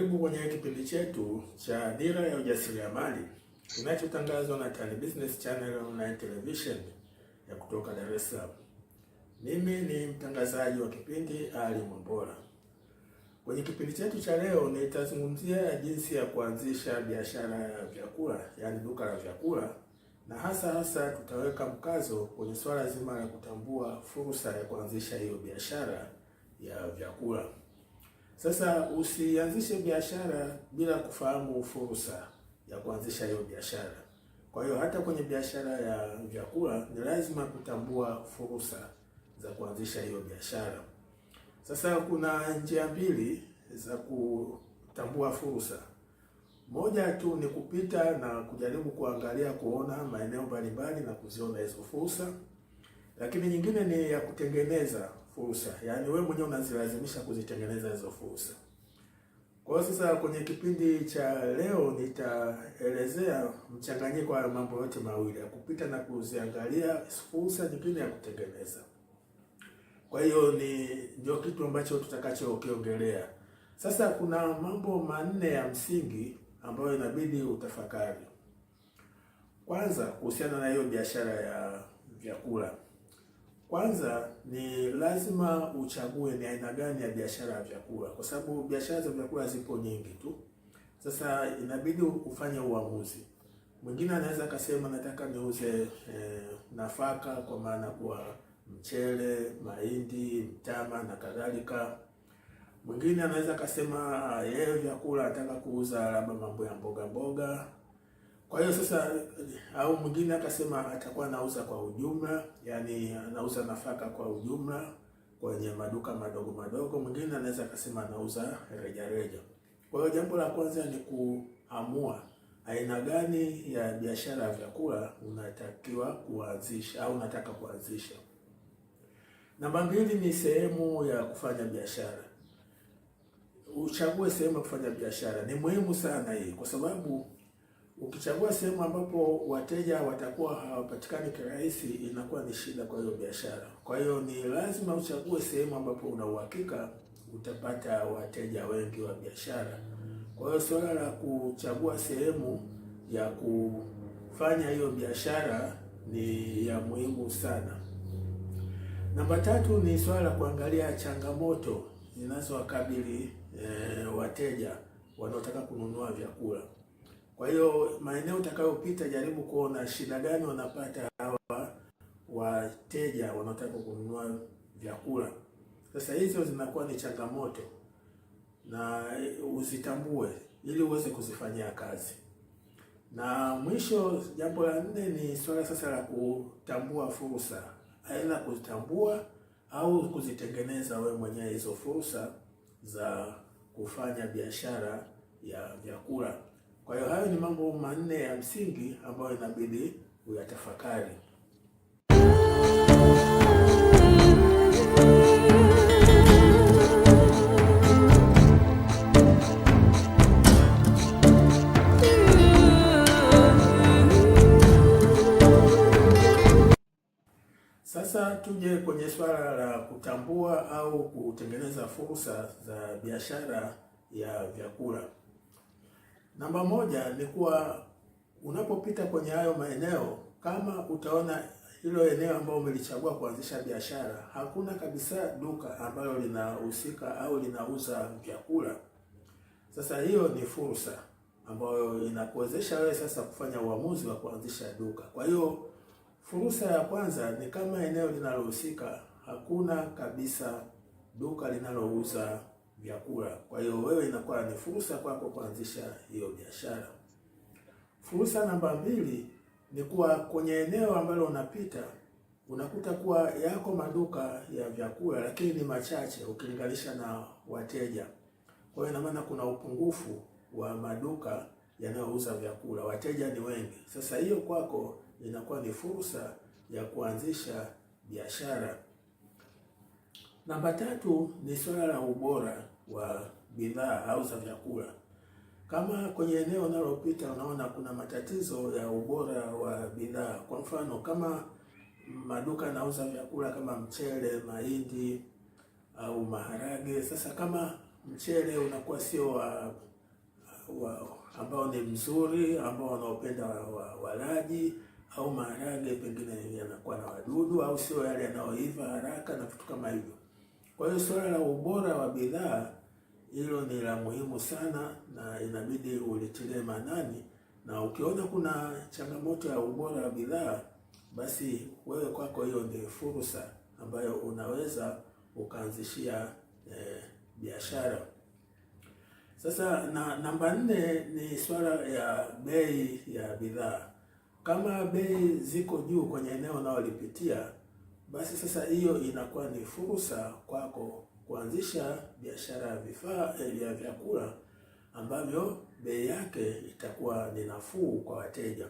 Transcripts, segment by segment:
Karibu kwenye kipindi chetu cha Dira ya Ujasiriamali kinachotangazwa na Tan Business Channel Online Television ya kutoka Dar es Salaam. Mimi ni mtangazaji wa kipindi Ali Mwambola. Kwenye kipindi chetu cha leo nitazungumzia jinsi ya kuanzisha biashara ya vyakula, yaani duka la vyakula, na hasa hasa tutaweka mkazo kwenye swala zima la kutambua fursa ya kuanzisha hiyo biashara ya vyakula. Sasa usianzishe biashara bila kufahamu fursa ya kuanzisha hiyo biashara. Kwa hiyo hata kwenye biashara ya vyakula ni lazima kutambua fursa za kuanzisha hiyo biashara. Sasa kuna njia mbili za kutambua fursa. Moja tu ni kupita na kujaribu kuangalia kuona maeneo mbalimbali na kuziona hizo fursa, lakini nyingine ni ya kutengeneza fursa, yaani wewe mwenyewe unazilazimisha kuzitengeneza hizo fursa. Kwa hiyo sasa, kwenye kipindi cha leo nitaelezea mchanganyiko wa mambo yote mawili ya kupita na kuziangalia fursa, nyingine ya kutengeneza. Kwa hiyo ni ndio kitu ambacho tutakachokiongelea sasa. Kuna mambo manne ya msingi ambayo inabidi utafakari. Kwanza, kuhusiana na hiyo biashara ya vyakula kwanza ni lazima uchague ni aina gani ya biashara ya vyakula, kwa sababu biashara za vyakula zipo nyingi tu. Sasa inabidi ufanye uamuzi. Mwingine anaweza akasema nataka niuze eh, nafaka kwa maana kwa mchele, mahindi, mtama na kadhalika. Mwingine anaweza akasema yeye eh, vyakula anataka kuuza labda mambo ya mboga mboga kwa hiyo sasa, au mwingine akasema atakuwa anauza kwa ujumla, yani anauza nafaka kwa ujumla kwenye maduka madogo madogo. Mwingine anaweza akasema anauza rejareja. Kwa hiyo jambo la kwanza ni kuamua aina gani ya biashara ya vyakula unatakiwa kuanzisha au unataka kuanzisha. Namba mbili ni sehemu ya kufanya biashara. Uchague sehemu ya kufanya biashara, ni muhimu sana hii kwa sababu Ukichagua sehemu ambapo wateja watakuwa hawapatikani kirahisi, inakuwa ni shida kwa hiyo biashara. Kwa hiyo ni lazima uchague sehemu ambapo una uhakika utapata wateja wengi wa biashara. Kwa hiyo suala la kuchagua sehemu ya kufanya hiyo biashara ni ya muhimu sana. Namba tatu ni suala la kuangalia changamoto zinazowakabili e, eh, wateja wanaotaka kununua vyakula. Kwa hiyo maeneo utakayopita, jaribu kuona shida gani wanapata hawa wateja wanaotaka kununua vyakula. Sasa hizo zinakuwa ni changamoto na uzitambue ili uweze kuzifanyia kazi. Na mwisho, jambo la nne ni swala sasa la kutambua fursa, aidha kuzitambua au kuzitengeneza wewe mwenyewe hizo fursa za kufanya biashara ya vyakula. Kwa hiyo hayo ni mambo manne ya msingi ambayo inabidi uyatafakari. Sasa tuje kwenye swala la kutambua au kutengeneza fursa za biashara ya vyakula. Namba moja ni kuwa unapopita kwenye hayo maeneo, kama utaona hilo eneo ambalo umelichagua kuanzisha biashara, hakuna kabisa duka ambalo linahusika au linauza vyakula, sasa hiyo ni fursa ambayo inakuwezesha wewe sasa kufanya uamuzi wa kuanzisha duka. Kwa hiyo fursa ya kwanza ni kama eneo linalohusika hakuna kabisa duka linalouza vyakula. Kwa hiyo wewe inakuwa ni fursa kwako kuanzisha hiyo biashara. Fursa namba mbili ni kuwa kwenye eneo ambalo unapita unakuta kuwa yako maduka ya vyakula, lakini ni machache ukilinganisha na wateja. Kwa hiyo ina maana kuna upungufu wa maduka yanayouza vyakula, wateja ni wengi. Sasa hiyo kwako inakuwa ni fursa ya kuanzisha biashara. Namba tatu ni swala la ubora wa bidhaa au za vyakula. Kama kwenye eneo unalopita unaona kuna matatizo ya ubora wa bidhaa, kwa mfano kama maduka yanauza vyakula kama mchele, mahindi au maharage. Sasa kama mchele unakuwa sio wa, wa ambao ni mzuri ambao wanaopenda walaji wa, au maharage pengine yanakuwa na wadudu au sio yale yanayoiva haraka na vitu kama hivyo. Kwa hiyo suala la ubora wa bidhaa hilo ni la muhimu sana na inabidi ulitilie maanani, na ukiona kuna changamoto ya ubora wa bidhaa, basi wewe kwako hiyo ndio fursa ambayo unaweza ukaanzishia eh, biashara. Sasa na namba nne ni swala ya bei ya bidhaa. Kama bei ziko juu kwenye eneo unalolipitia, basi sasa hiyo inakuwa ni fursa kwako kuanzisha biashara ya vifaa vya eh, vyakula ambavyo bei yake itakuwa ni nafuu kwa wateja.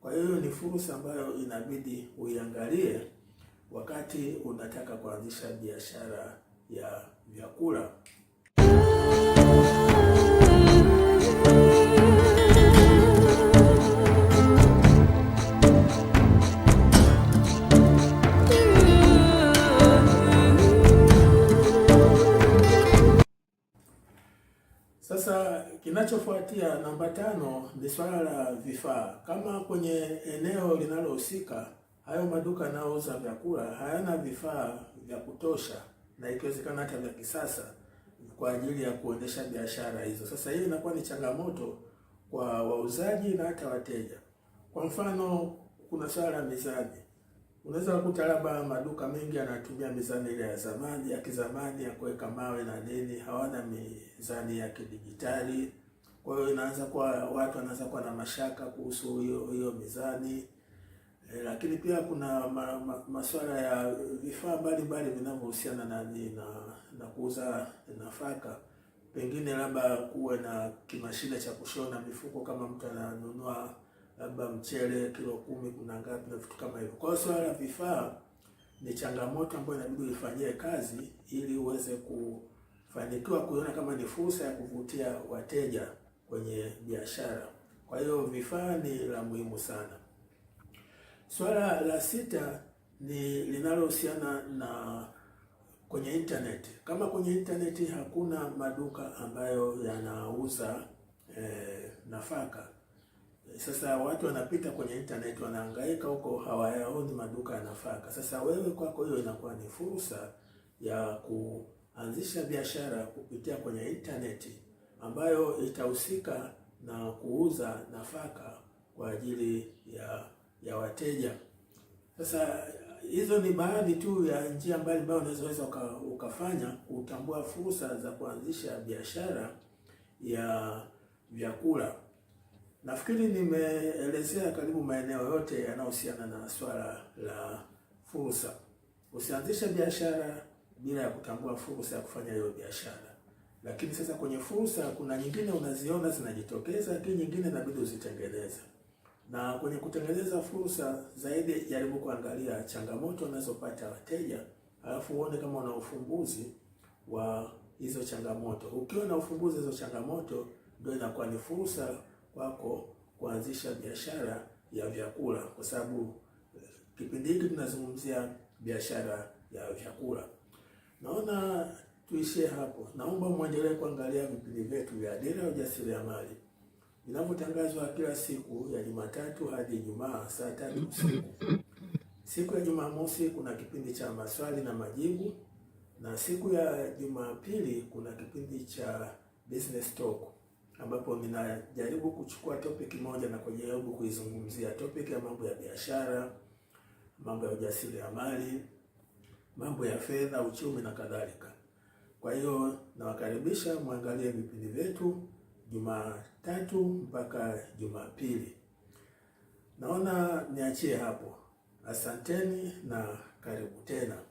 Kwa hiyo ni fursa ambayo inabidi uiangalie wakati unataka kuanzisha biashara ya vyakula. ni swala la vifaa. Kama kwenye eneo linalohusika hayo maduka yanayouza vyakula hayana vifaa vya kutosha na ikiwezekana hata vya kisasa kwa ajili ya kuendesha biashara hizo, sasa hii inakuwa ni changamoto kwa wauzaji na hata wateja. Kwa mfano, kuna swala la mizani. Unaweza kukuta labda maduka mengi yanatumia mizani ile ya zamani ya kizamani ya kuweka mawe na nini, hawana mizani ya kidijitali. Kwa hiyo inaanza kuwa watu wanaanza kuwa na mashaka kuhusu hiyo hiyo mizani e, lakini pia kuna ma, ma, masuala ya vifaa mbalimbali vinavyohusiana na, na na kuuza nafaka. Pengine labda kuwe na kimashine cha kushona mifuko kama mtu ananunua labda mchele kilo kumi kuna ngapi na vitu kama hivyo. Kwa hiyo swala la vifaa ni changamoto ambayo inabidi uifanyie kazi ili uweze kufanikiwa kuiona kama ni fursa ya kuvutia wateja kwenye biashara. Kwa hiyo vifaa ni la muhimu sana. Swala la sita ni linalohusiana na kwenye internet. Kama kwenye internet hakuna maduka ambayo yanauza e, nafaka, sasa watu wanapita kwenye internet wanahangaika huko, hawayaoni maduka ya nafaka. Sasa wewe kwako hiyo inakuwa ni fursa ya kuanzisha biashara kupitia kwenye internet ambayo itahusika na kuuza nafaka kwa ajili ya ya wateja. Sasa hizo ni baadhi tu ya njia mbalimbali unazoweza ukafanya kutambua fursa za kuanzisha biashara ya vyakula. Nafikiri nimeelezea karibu maeneo yote yanayohusiana na swala la fursa. Usianzishe biashara bila ya kutambua fursa ya kufanya hiyo biashara. Lakini sasa kwenye fursa, kuna nyingine unaziona zinajitokeza, lakini nyingine inabidi uzitengeneze. Na kwenye kutengeneza fursa zaidi, jaribu kuangalia changamoto unazopata wateja, alafu uone kama una ufumbuzi wa hizo changamoto. Ukiwa na ufumbuzi hizo changamoto, ndio inakuwa ni fursa kwako kuanzisha biashara ya vyakula, kwa sababu eh, kipindi hiki tunazungumzia biashara ya vyakula. Naona tuishie hapo. Naomba mwendelee kuangalia vipindi vyetu vya Dira ya Ujasiriamali vinavyotangazwa kila siku ya Jumatatu hadi Ijumaa saa tatu usiku. Siku ya Jumamosi kuna kipindi cha maswali na majibu, na siku ya Jumapili kuna kipindi cha business talk, ambapo ninajaribu kuchukua topic moja na kujaribu kuizungumzia topic ya mambo ya biashara, mambo ya ujasiriamali, mambo ya fedha, uchumi na kadhalika. Kwa hiyo nawakaribisha mwangalie vipindi vyetu Jumatatu mpaka Jumapili. Naona niachie hapo. Asanteni na karibu tena.